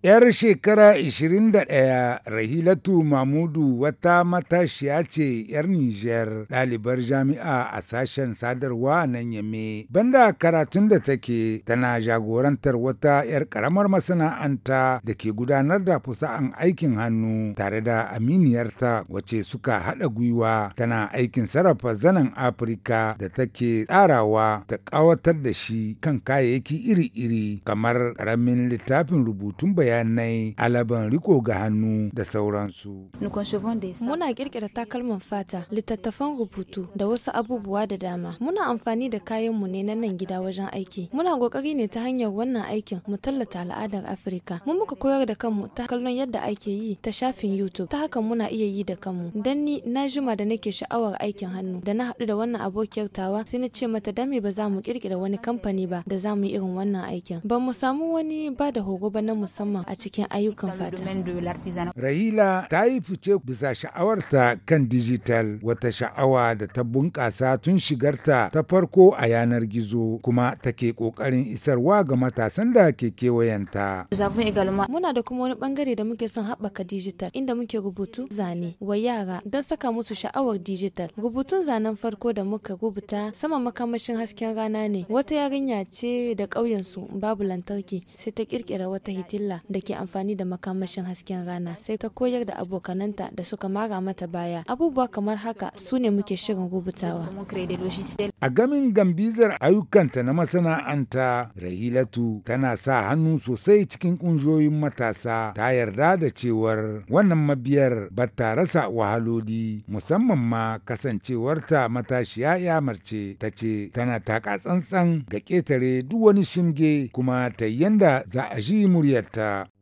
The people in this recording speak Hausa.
'Yar shekara 21 Rahilatu Mamudu wata matashiya ce 'yar Nijar ɗalibar jami'a a sashen sadarwa nan yame. Banda karatun da take tana jagorantar wata 'yar ƙaramar masana'anta da ke gudanar da fusa'an aikin hannu tare da aminiyarta wace suka haɗa gwiwa tana aikin sarrafa zanen Afirka da take tsarawa ta ƙawatar da shi kan kayayyaki iri-iri kamar ƙaramin littafin rubutun bayan bayanai alaban riko ga hannu da sauransu. Muna kirkira takalman fata, littattafan rubutu da wasu abubuwa da dama. Muna amfani da kayanmu ne na nan gida wajen aiki. Muna kokari ne ta hanyar wannan aikin mu tallata al'adar Afirka. Mun muka koyar da kanmu ta kallon yadda ake yi ta shafin YouTube. Ta haka muna iya yi da kanmu. Dan ni na jima da nake sha'awar aikin hannu da na haɗu da wannan abokiyar tawa sai na ce mata dami ba za mu kirkira wani kamfani ba da za mu yi irin wannan aikin. Ba mu samu wani ba da horo ba na musamman musamman a cikin ayyukan fata. Rahila ta yi fice bisa sha'awarta kan dijital wata sha'awa da ta bunƙasa tun shigarta ta farko a yanar gizo kuma take ƙoƙarin isarwa ga matasan da ke kewayenta. Muna da kuma wani bangare da muke son haɓaka dijital inda muke rubutu zane wa yara don saka musu sha'awar dijital. Rubutun zanen farko da muka rubuta sama makamashin hasken rana ne wata yarinya ce da ƙauyensu babu lantarki sai ta ƙirƙira wata hitilla da ke amfani da makamashin hasken rana sai ta koyar da abokananta da suka mara mata baya abubuwa kamar haka su ne muke shirin rubutawa A gamin gambizar ayyukanta na masana'anta Rahilatu tana sa hannu sosai cikin ƙungiyoyin matasa ta yarda da cewar wannan mabiyar ba ta rasa wahaloli musamman ma kasancewarta matashiya ya marce ta ce tana taka tsantsan ga ƙetare duk wani shinge kuma ta yanda za a ji muryarta.